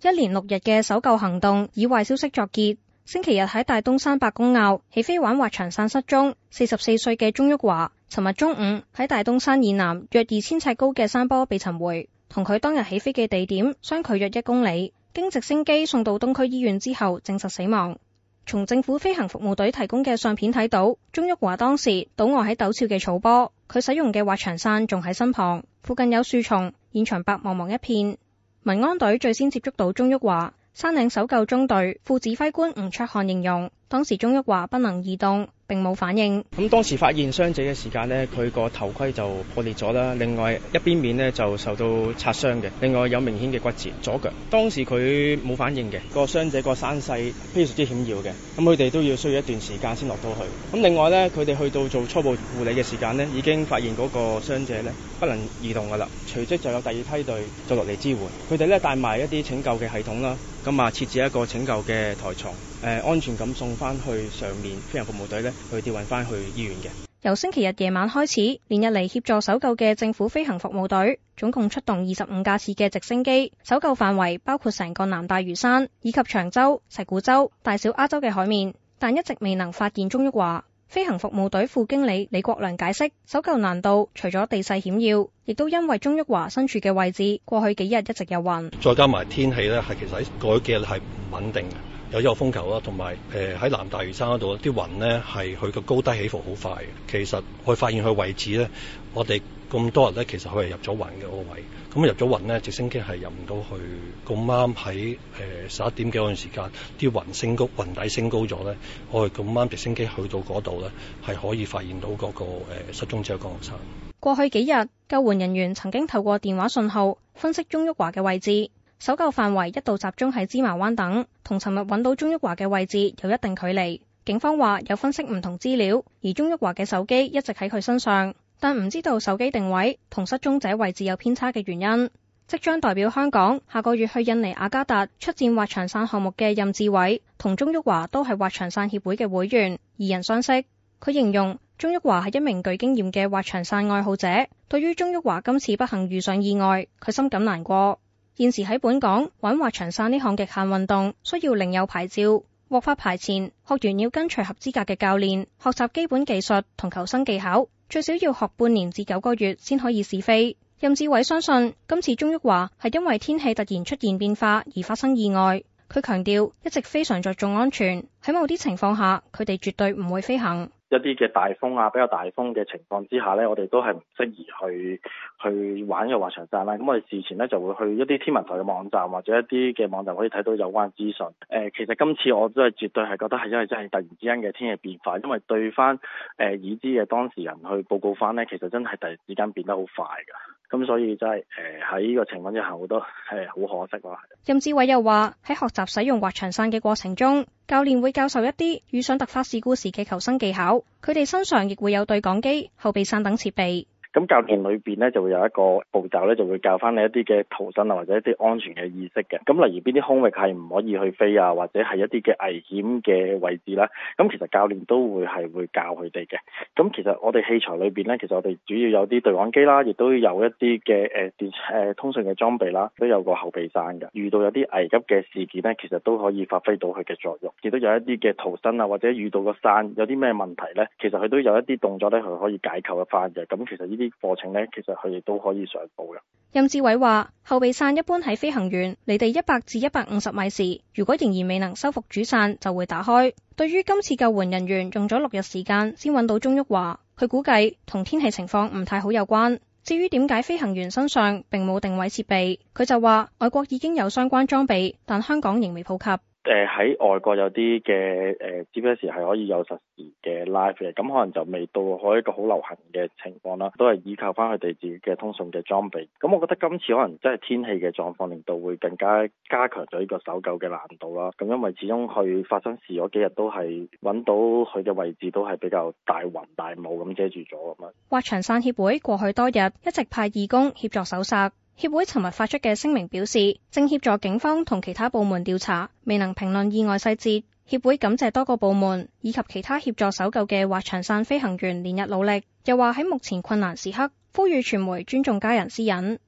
一連六日嘅搜救行動以壞消息作結。星期日喺大東山伯公坳起飛玩滑翔傘失蹤，四十四歲嘅鍾旭華，尋日中午喺大東山以南約二千尺高嘅山坡被尋回，同佢當日起飛嘅地點相距約一公里。經直升機送到東區醫院之後證實死亡。從政府飛行服務隊提供嘅相片睇到，鍾旭華當時倒臥喺陡峭嘅草坡，佢使用嘅滑翔傘仲喺身旁，附近有樹叢，現場白茫茫一片。民安隊最先接觸到鍾旭華，山嶺搜救中隊副指揮官吳卓漢形容，當時鍾旭華不能移動。並冇反應。咁當時發現傷者嘅時間咧，佢個頭盔就破裂咗啦，另外一邊面咧就受到擦傷嘅，另外有明顯嘅骨折左腳。當時佢冇反應嘅，個傷者個山勢非常之險要嘅，咁佢哋都要需要一段時間先落到去。咁另外呢，佢哋去到做初步護理嘅時間呢，已經發現嗰個傷者咧不能移動噶啦，隨即就有第二梯隊就落嚟支援，佢哋咧帶埋一啲拯救嘅系統啦。咁啊，設置一個拯救嘅台床，誒、呃，安全咁送翻去上面飛行服務隊咧，去調運翻去醫院嘅。由星期日夜晚開始，連日嚟協助搜救嘅政府飛行服務隊總共出動二十五架次嘅直升機，搜救範圍包括成個南大嶼山以及長洲、石鼓洲、大小鴉洲嘅海面，但一直未能發現鍾旭華。飛行服務隊副經理李國良解釋：搜救難度除咗地勢險要，亦都因為鍾旭華身處嘅位置，過去幾日一直有雲，再加埋天氣咧係其實喺過去幾日係唔穩定嘅，有一個風球啦，同埋誒喺南大嶼山嗰度啦，啲雲呢係佢嘅高低起伏好快嘅。其實我發現佢位置咧，我哋。咁多日咧，其實佢係入咗雲嘅嗰個位。咁入咗雲呢，直升機係入唔到去。咁啱喺誒十一點幾嗰段時間，啲雲升高，雲底升高咗咧，我哋咁啱直升機去到嗰度咧，係可以發現到嗰個失蹤者降落傘。過去幾日，救援人員曾經透過電話信號分析鍾旭華嘅位置，搜救範圍一度集中喺芝麻灣等，同尋日揾到鍾旭華嘅位置有一定距離。警方話有分析唔同資料，而鍾旭華嘅手機一直喺佢身上。但唔知道手機定位同失蹤者位置有偏差嘅原因，即將代表香港下個月去印尼雅加達出戰滑翔傘項目嘅任志偉同鍾旭華都係滑翔傘協會嘅會員，二人相識。佢形容鍾旭華係一名具經驗嘅滑翔傘愛好者，對於鍾旭華今次不幸遇上意外，佢深感難過。現時喺本港玩滑翔傘呢項極限運動，需要另有牌照。獲發牌前，學員要跟隨合資格嘅教練學習基本技術同求生技巧，最少要學半年至九個月先可以試飛。任志偉相信今次鍾旭華係因為天氣突然出現變化而發生意外。佢強調一直非常着重安全，喺某啲情況下佢哋絕對唔會飛行。一啲嘅大風啊，比較大風嘅情況之下呢，我哋都係唔適宜去去玩嘅滑翔傘啦。咁、嗯、我哋事前呢，就會去一啲天文台嘅網站或者一啲嘅網站，可以睇到有關資訊。誒、呃，其實今次我都係絕對係覺得係因為真係突然之間嘅天氣變化，因為對翻誒已知嘅當事人去報告翻呢，其實真係突然之間變得好快㗎。咁所以就係誒喺呢個情況之下，我都係好可惜。任志偉又話，喺學習使用滑翔傘嘅過程中，教練會教授一啲遇上突發事故時嘅求生技巧。佢哋身上亦會有對講機、後備傘等設備。咁教練裏邊咧就會有一個步驟咧，就會教翻你一啲嘅逃生啊，或者一啲安全嘅意識嘅。咁例如邊啲空域係唔可以去飛啊，或者係一啲嘅危險嘅位置啦。咁其實教練都會係會教佢哋嘅。咁其實我哋器材裏邊咧，其實我哋主要有啲對講機啦，亦都有一啲嘅誒電誒通訊嘅裝備啦，都有個後備傘嘅。遇到有啲危急嘅事件咧，其實都可以發揮到佢嘅作用。亦都有一啲嘅逃生啊，或者遇到個傘有啲咩問題咧，其實佢都有一啲動作咧，佢可以解救一翻嘅。咁其實呢啲課程呢，其實佢哋都可以上到嘅。任志偉話：後備傘一般喺飛行員離地一百至一百五十米時，如果仍然未能收復主傘，就會打開。對於今次救援人員用咗六日時間先揾到鍾旭華，佢估計同天氣情況唔太好有關。至於點解飛行員身上並冇定位設備，佢就話：外國已經有相關裝備，但香港仍未普及。誒喺、呃、外國有啲嘅誒、呃、GPS 係可以有實時嘅 live 嘅，咁、嗯、可能就未到可以個好流行嘅情況啦，都係依靠翻佢哋自己嘅通訊嘅裝備。咁、嗯、我覺得今次可能真係天氣嘅狀況，令到會更加加強咗呢個搜救嘅難度啦。咁、嗯、因為始終去發生事嗰幾日，都係揾到佢嘅位置都係比較大雲大霧咁遮住咗咁啊。滑翔傘協會過去多日一直派義工協助搜尋。協會尋日發出嘅聲明表示，正協助警方同其他部門調查，未能評論意外細節。協會感謝多個部門以及其他協助搜救嘅滑翔傘飛行員連日努力，又話喺目前困難時刻，呼籲傳媒尊重家人私隱。